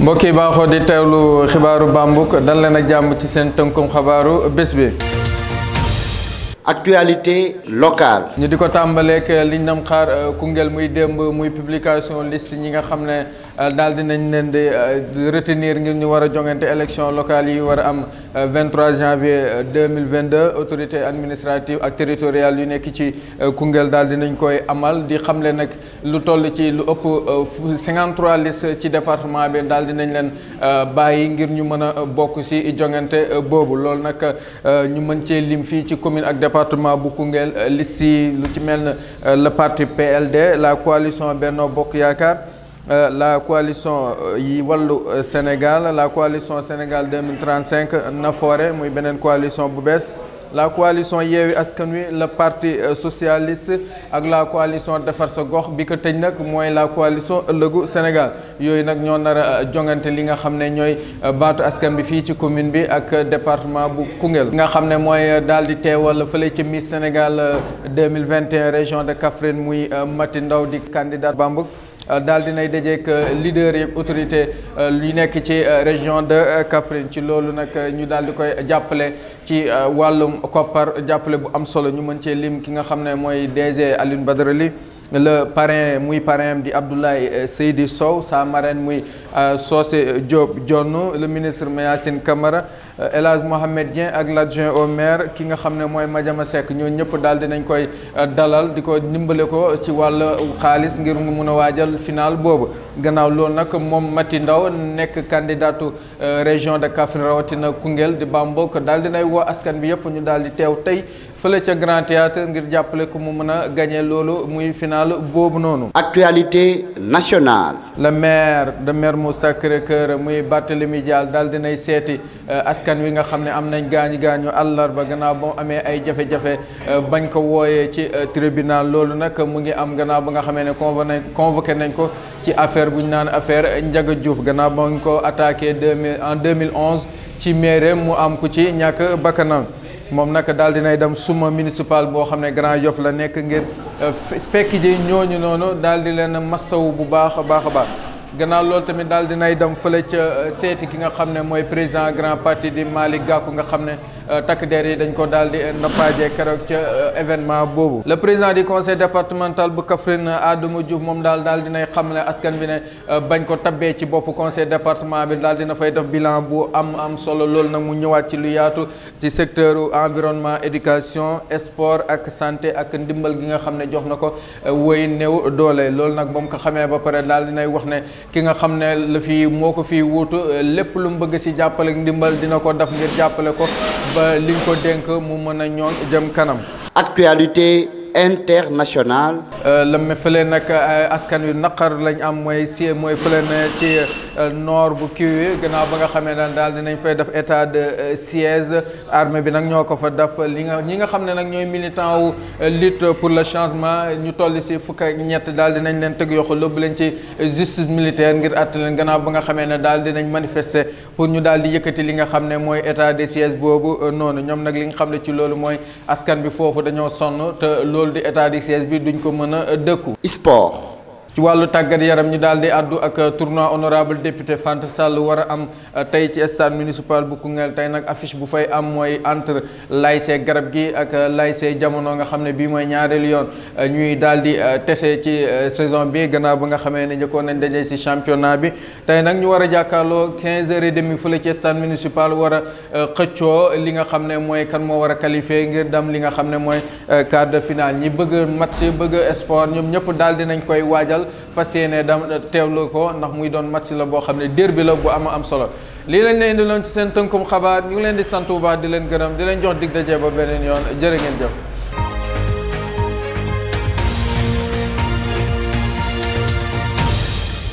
mbokk yi baaxoo di teewlu xibaaru Bambouck dal leen ak jàmm ci seen tënkum xabaaru bés bi. actualité locale. ñu di ko tàmbaleek eh, liñ nam xaar eh, Koungheul muy démb muy publication list ñi nga xam ne eh, daal dinañ leen di retenir ngir ñu war a jongante élection locale yi war a am 23 janvier 2022 autorité administrative ak territoriale yu nekk ci Koungheul daal dinañ koy amal di xamle nag lu toll ci lu ëpp 53 liste ci département bi daal dinañ leen bàyyi ngir ñu mën a bokk ci jongante boobu loolu nag ñu mën cee lim fii ci commune ak département bu Koungheul euh, li si lu ci mel na euh, le partie PLD la coalition Benno Bokk Yaakaar euh, la coalition yi wàllu Sénégal la coalition Sénégal 2035 Nafoore muy beneen coalition bu bees la coalition Yewwi Askan Wi le parti euh, socialiste ak la coalition defar sa gox bi ko tëj nag mooy la coalition ëllëgu Sénégal yooyu nag ñoo nar a euh, jongante li nga xam ne ñooy euh, baatu askan bi fii ci commune bi ak département bu Koungheul. nga xam ne mooy dal di teewal fële ci Miss Sénégal 2021 région de Kaffrine muy Mati Ndaw di candidat Bambuk daal dinay dajeek euh, leader yi autorité euh, yu nekk ci euh, région de Kaffrine ci loolu nag ñu daal di koy jàppale ci wàllum koppar jàppale bu am solo ñu mën cee lim ki nga xam ne mooy DG Alioune Badara Ly le parrain muy parrain di Abdoulaye Seydi Sow sa marraine muy Socé Diop Dione le ministre Mayacine Camara Euh, El Hadj Mohamed Dieng ak l'adjoint au maire ki nga xam ne mooy Madiama Seck ñoo ñëpp daal dinañ koy euh, dalal di ko ndimbale ko ci wàll xaalis ngir mu mun a waajal final boobu gannaaw loolu nag moom Mati Ndaw nekk candidatu euh, région de Kaffrine rawatina Koungheul di Bambok daal dinay woo askan bi yëpp ñu daal teew tey fële ca Grand Théâtre ngir jàppale ko mu mën a gañe loolu muy final boobu noonu. actualité nationale. le maire de Mermoz Sacré-Cœur muy Barthélémy Dial daal dinay seeti. Euh, askan wi nga xam ne am nañ gaañu gaañu àllarba gannaaw ba amee ay jafe-jafe euh, bañ ko wooyee ci euh, tribunal loolu nag mu ngi am gannaaw ba nga xamee ne convoqué nañ ko ci affaire bu ñu naan affaire Ndiaga Diouf gannaaw ba ñu ko attaqué deux mille en 2011 ci mairie mu am ku ci ñàkk bakkanam moom nag daal nay dem suma municipal boo xam ne Grand Yoff la nekk ngir fekk ji ñooñu noonu daal di leen massawu bu baax a baax a baax. gannaaw loolu tamit daal dinay dem fële ca euh, seeti ki nga xam ne mooy président grand parti di Malick Gakou nga xam ne Euh, takk der yi dañ ko daal di nappaaje keroog ca euh, événement boobu le président du conseil départemental bu Kaffrine Adama Diouf moom daal daal dinay xam ne askan bi ne euh, bañ ko tabbee ci bopp conseil département bi daal dina fay def bilan bu am am solo loolu nag mu ñëwaat ci lu yaatu ci secteur environnement éducation sport ak santé ak ndimbal gi nga xam ne jox na ko woy néew doole loolu nag ba mu ko xamee ba pare daal dinay wax ne ki nga xam ne la fii moo ko fii wuutu lépp lu mu bëgg ci jàppale ndimbal dina ko def jàppale ko ba li nga ko dénk mu mën a ñoon jëm kanam. actualité internationale. Euh, la ma fële nag euh, askan wi naqar lañ am mooy si mooy fële na ci. Euh, nord bu Kiwi gannaaw ba nga xamee ne daal dinañ fay def état de euh, siège armée bi nag ñoo ko fa def li nga ñi nga xam ne nag ñooy militant wu euh, lutte pour le changement ñu toll si fukk ak ñett di nañ leen teg yoxu lóbbu leen ci justice militaire ngir àtt leen gannaaw ba nga xamee ne daal dinañ manifester pour ñu daal di yëkkati li nga xam ne mooy état de siège boobu noonu ñoom nag li nga xam ne ci loolu mooy askan bi foofu dañoo sonn te loolu di état de siège bi duñ ko mën a dëkku sport ci wàllu tàggat yaram ñu daal di àddu ak tournoi honorable député Fanta Sall war a am uh, tey ci stade municipal bu Koungheul tey nag affiche bu fay am mooy entre lycée garab gi ak uh, lycée jamono nga xam ne bii mooy ñaareelu yoon uh, ñuy daal di tese ci saison bi gannaaw ba nga xamee ne njëkkoon nañ daje si championnat bi tey nag ñu war a jàkkaarloo 15 de et fu fële ci stade municipal war xëccoo li nga xam ne mooy kan moo war a qualifié ngir dam li nga xam ne mooy quart de finale ñi bëgg match bëgg sport ñoom ñëpp daal di nañ koy waajal. dal fas yéene da teewlu ko ndax muy doon match la boo xam ne derby la bu am am solo lii lañ leen indiloon ci seen tënkum xabaar ñu leen di sant bu baax di leen gërëm di leen jox dig daje ba beneen yoon jërë ngeen jëf